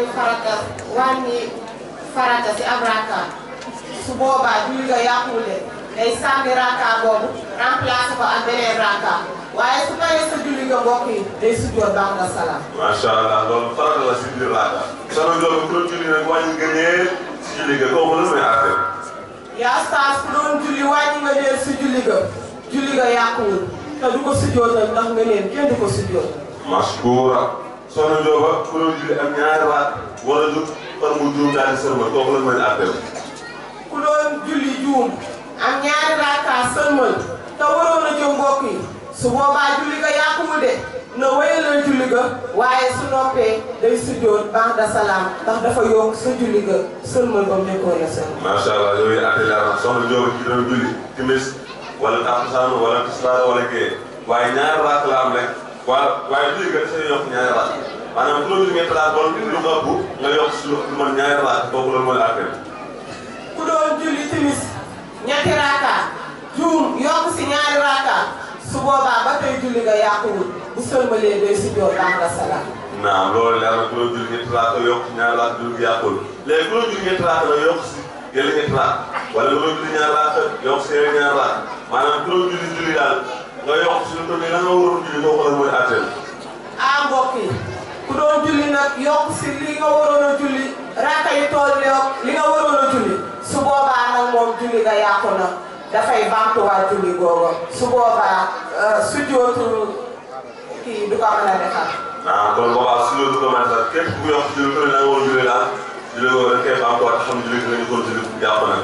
wàññi farata wàññi farata si ab raakaar su boobaa julli nga yàquwule day sànni boobu remplacé ko ak beneen raakaar waaye su paree sa julli nga mbokk yi day sujjoor baax nga allah loolu farata la si julli raakaar. sama loolu ku doon nag wàññi nga nee si julli nga kooku lan mooy affaire. yaa saas ku doon julli wàññi nga si julli nga julli nga du ko sujjootal ndax nga neen kenn du ko sujjootal. mashkura. soxna Ndioba ku doon julli am ñaari waat wala du par mu juum daal di sërmal kooku doon julli juum am ñaari raaka sërmal te waroon a jëm mbokk yi su boobaa julli ga yàqu de na wéyal na julli ga waaye su noppee day sujjoot baax da salaam ndax dafa yokk sa julli ga sërmal ba mu nekkoon a sërmal. macha allah yooyu appel am soxna Ndioba ki doon julli timis wala takusaan wala tisbaar wala gee waaye ñaari la am waaw waaye lii nga dafay yokk ñaari raat maanaam bu la limee talaata bon lu ko ëpp nga yokk si lu man ñaari raat boobu loolu mooy affaire ku doon julli timis ñetti raaka juum yokk si ñaari raaka su boobaa ba tey julli nga yàquwul bu sëlmalee day si joor ba'da salaam. naam loolu leer na ku doon julli ñetti raaka yokk si ñaari raaka julli yàquwul léegi ku doon julli ñetti raaka nga yokk si yële ñetti wala ku doon julli ñaari raaka yokk si yële ñaari raaka maanaam ku doon nga yokk si li mu toll la nga waroon julli nga ko lan mooy àtteel. ah mbokk yi ku doon julli nag yokk si li nga waroon a julli raaka yi tool li nga waroon a julli su boobaa nag moom julli nga yàqu na dafay bamtuwaat julli googu su boobaa euh, su jootul kii du ko mën a defar. ah kon boobaa su jootul ko mën a defar képp ku yokk si li mu toll la nga waroon julli la julli googu dañ koy bamtuwaat xam julli nga ñu ko julli yàqu na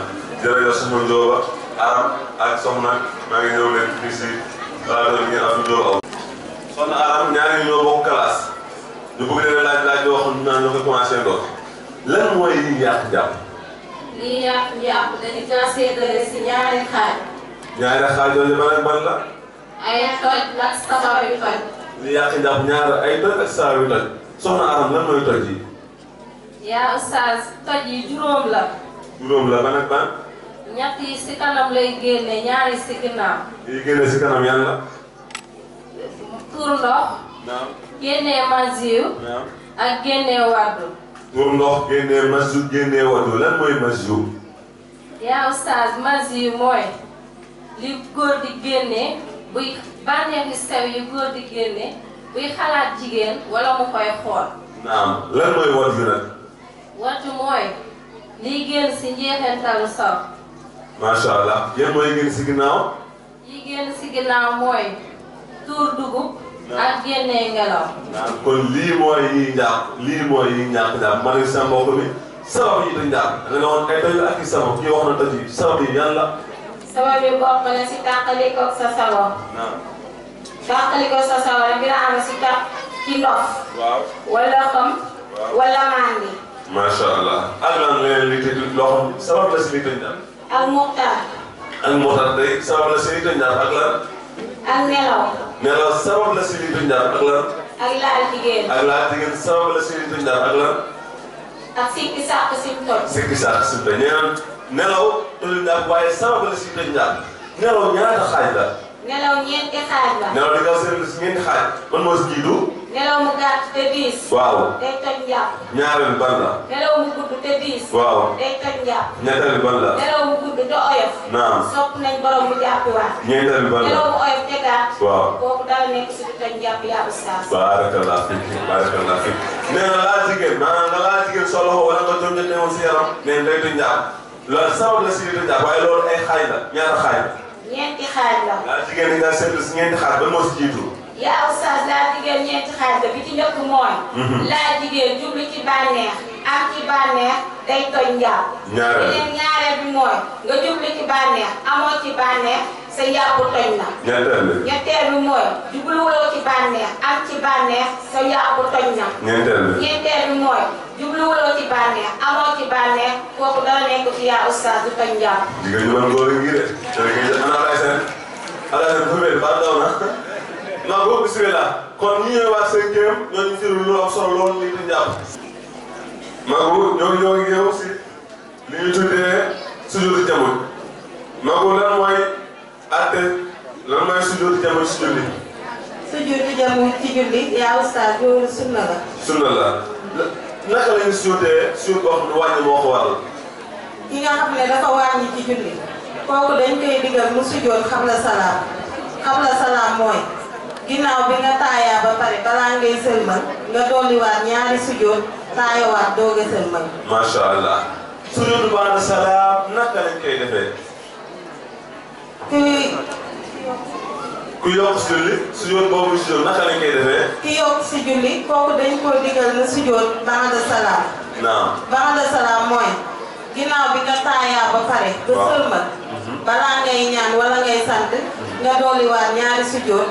jërëjëf suñu Ndioba Aram ak soxna maa ngi ñëw leen fii si. balaa nga ngeen am ñoo aw. soxna Aram ñaari ñoo bokk classe ñu bëgg leen laaj laaj yoo xam ne ñoo koy commencé ndox lan mooy liy yàq jàpp. liy yàq jàpp dañu kaa seetale si ñaari xaaj. ñaari xaaj yooyu ban ak ban la. ay toj la sabar yu toj. liy yàq jàpp ñaar ay toj ak sabar yu toj soxna Aram lan mooy toj yi. yaa oustaz toj yi juróom la. juróom la ban ak ban. ñett si kanam lay génne ñaari si ginnaaw. yi génne si kanam yan la. tuur ndox. naam masiw. ak génnee waddu. tuur ndox génnee masiw génnee waddu lan mooy masiw. yaa oustaz masiw mooy li góor di génne buy bànneexi sew yi góor di génne buy xalaat jigéen wala mu koy xool. naam lan mooy waddu nag. waddu mooy liy génn si njeexintalu saw. macha allah mooy ngeen si ginnaaw. yi mooy. tuur dugub. ak génnee ngelaw. waaw kon lii mooy yiy njàpp lii mooy yiy njàpp daal ma ne sa mbokk mi sabab yi du njàpp da nga woon ay tëj ak i sabab kii wax na tëj yi sabab yi yan la. na si tàqali ko sa sabab. waaw. tàqali si tàq ci ndox. waaw wala xam. wala màndi. macha allah. alhamdulilah li tëj loo xam sabab si li tëj ak moxtaar. ak moxtaar day sabab la si lii doon ñaar ak lan. ak nelaw. nelaw sabab la si lii doon ñaar ak lan. ak laal jigéen. ak laal jigéen sabab la si lii doon ñaar ak lan. ak sikki sàq sim toj. sikki sàq sim toj ñeneen nelaw tollu ñaar waaye sabab la si lii doon ñaar nelaw ñaata xaaj la. nelaw ñeenti xaaj la. nelaw di nga seetlu si ñeenti xaaj man moo si jiitu. nelaw mu gàtt te diis. waaw. day toj njàpp. ñaareel ban la. nelaw mu gudd te diis. waaw. day toj njàpp. ñetteel ban la. nelaw mu gudd te oyof. naam sopp nañ borom mu jàppiwaat. ñeenteel nelaw mu oyof te gàtt. waaw kooku daal nekk si di toj yaa ustaas. baarakallah fi baarakallah fi nee na laa jigéen maanaam nga laa jigéen solo wala nga jom jotee woon si yaram. nee na la si di toj njàpp waaye loolu ay xaaj la ñaata xaaj la. ñeenti xaaj la. laa jigéen nga seetlu si ñeenti xaaj ba moo yaa oustaz laa jigéen ñeenti xaaj bi ci njëkk mooy. Mhm. laa jigéen jublu ci bànneex am ci bànneex day toj njàpp. ñaareel mooy nga jublu ci bànneex amoo ci bànneex sa yàqu toj na. ñetteel bi ñetteel bi mooy jubluwoo ci bànneex am ci bànneex sa yaa oustaz du toj njàpp. non boobu bisimilah kon ñu ñëw waa cinquième ñooñu firi lu am solo lool ñu ngi di jàpp. Magu ñoo ñoo ngi ñëw si li ñu tuddee sujudu jamul Magu lan mooy atte lan mooy sujudu jamul si julli. sujudu jamul ci julli yaa ustaas loolu sunna la. sunna la naka la ñu sujudee suuf boo xam ne wàññi moo ko waral. ki nga xam ne dafa wàññi ci julli kooku dañ koy digal mu sujood xam la salaam xam la salaam mooy. ginnaaw bi nga taayaa ba pare balaa ngay sëlmal nga dolliwaat ñaari sujjoot taayawaat doog a sëlmal. macha allah. sujjoot ba'da salaam naka lañ koy defee. kuy. ku yokk si julli sujjoot boobu sujjoot naka lañ koy defee. ki yokk si julli kooku dañ koo digal na sujjoot ba'da salaam. naam ba'da salaam mooy. ginnaaw bi nga ba pare. ba sëlmal. Mhm. balaa ngay ñaan wala ngay sant. nga dolliwaat ñaari sujjoot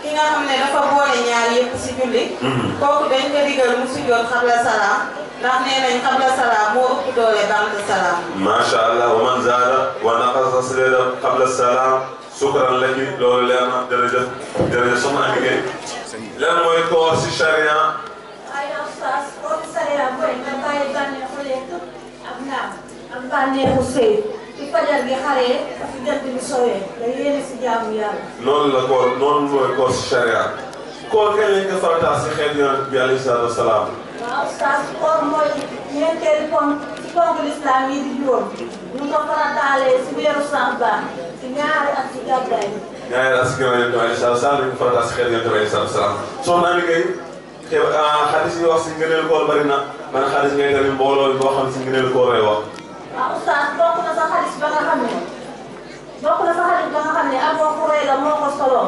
ki nga xam ne dafa boole ñaar yëpp julli. Mhm. kooku dañ ko digal mu sujjoot xabla salaam ndax nee nañ xabla salaam moo ëpp doole ba'da salaam. macha salaam. sukkaral lañu loolu leer na jërëjëf jërëjëf soxna Amy Gueye lan mooy koor si charia am bànneexu sëy ci fajar gi xaree fi bi sowee nga yéene si jaamu yàlla noonu la koor noonu mooy koor si charia koor kañ lañ ko farataas si xeet bi alayhi salaatu wa salaam waaw oustaz koor mooy ñeenteelu ponk ci ponk lislaam yi di juróom ñu ko farataalee si weeru Sàmba ñaari at si gàddaay bi. ñaari at si gàddaay bi alayhi salaatu salaam dañu faral si xel yonent bi alayhi salaatu salaam soxna Ami Gueye xadis yi wax si ngëneelu koor bari na man xadis ngay tamit mbooloo boo xam si ngëneelu koor lay wax. waaw oustaz bokk na sa xadis ba nga xam ne bokk na sa xadis ba nga xam ne Abu Hurayra moo ko solo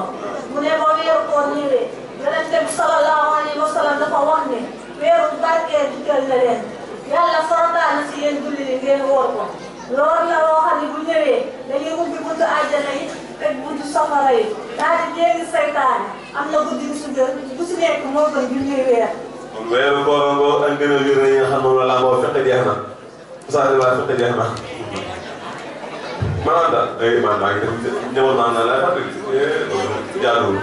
mu ne boo weeru koor ñëwee yonent bi sallallahu alayhi wa sallam dafa wax ne weeru barkeel dikkal na leen yàlla farataal na si yéen julli li ngeen wóor ko loolu bàyyi daal di génn saytaan am na guddi bu su bu su nekk moo gën junni weer. kon weeru koorangoo ak gën a wér na yi nga xam moom la lamboo fekk jeex na Moussa Diouf fekk jeex na. maanaam daal ay man Soalnya ngi def ñëwoon naa ne la Fatick eh, jaaduwul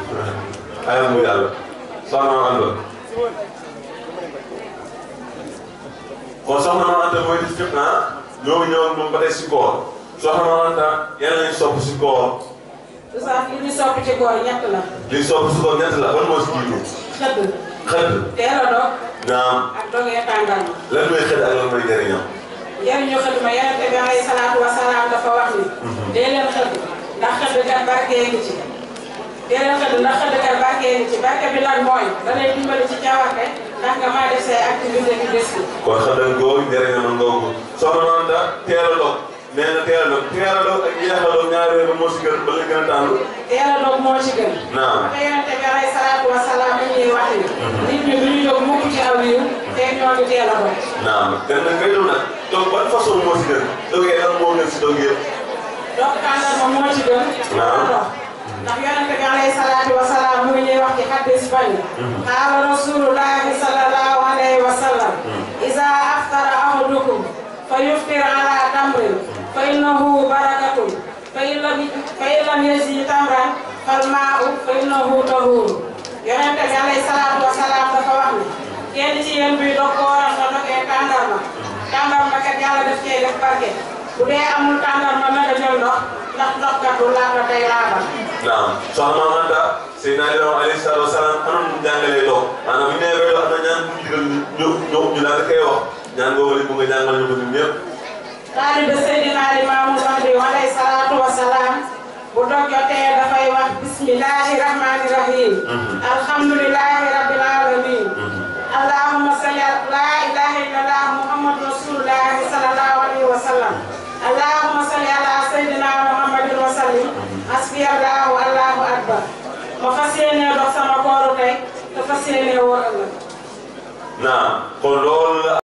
ayam mu jàll soxna ma àndoon li soppi ci góor ñett la. li soppi ci góor ñett la ban naam. ak dogee tàngal. lan mooy xëdd ak lan mooy njëriñam. njëriñu xëdd ma yonente bi alayhi salaatu wa salaam dafa wax ni. dee leen xëdd ndax xëdd kat barkee ngi ci. dee leen xëdd ndax xëdd kat barkee ngi ci barke bi lan mooy da lay dimbali ci caawarte ndax nga bi kon ak nee na teelaloo teelaloo ak yeexaloo ñaari weer moo si gën ba la gën a tànn. teelaloo moo ci gën. naam te yonente bi alayhi salaatu wa salaam mi ñuy wax ni. nit ñi du ñu jóg mukk ci aw yiw te ñoo ngi teelaloo. naam gën na ngay nag donc ban façon moo si gën dogee lan moo gën si dog yëpp. donc tànnal ma moo ci gën. naam ndax yonente bi alayhi salaatu wa salaam mu ngi ñuy wax ci xaddis bañ. Mm-hmm. qaala rasulullahi sallallahu alayhi wa sallam. Mm-hmm. iza aftara ahadukum fa yuftir ala tamrin فإنه بركة فإن لم يزد تمرا فالماء فإنه طهور yonente bi alayhi salaatu wa salaam dafa wax ne kenn ci yéen buy dog kooram nga dogee tàndarma tàndarma kat yàlla def cee def barke bu dee amul tàndarma na nga ñëw ndox ndax ndox kat du laaba tey laaba. naam soxna Manda Seydina Limam alayhi salaatu wa salaam anam jàngalee dog maanaam bu ñu nee bay dox ñaan ñu ñu wax ñaan ñu ko taalibe Seydina Limaamu Laye alayhi salaatu wa salaam bu dog jotee dafay wax bismillahi rahmaani rahim. alhamdulillahi rabbil alamin. allahumma salli ala laa ilaha illallah muhammadu rasulullahi sallallahu alayhi wa sallam. allahumma salli ala Seydina muhammadin wa sallim. asbi allahu allahu akbar. ma fas yéenee dox sama kooru tey te fas yéenee wóor ëllëg. naa kon loolu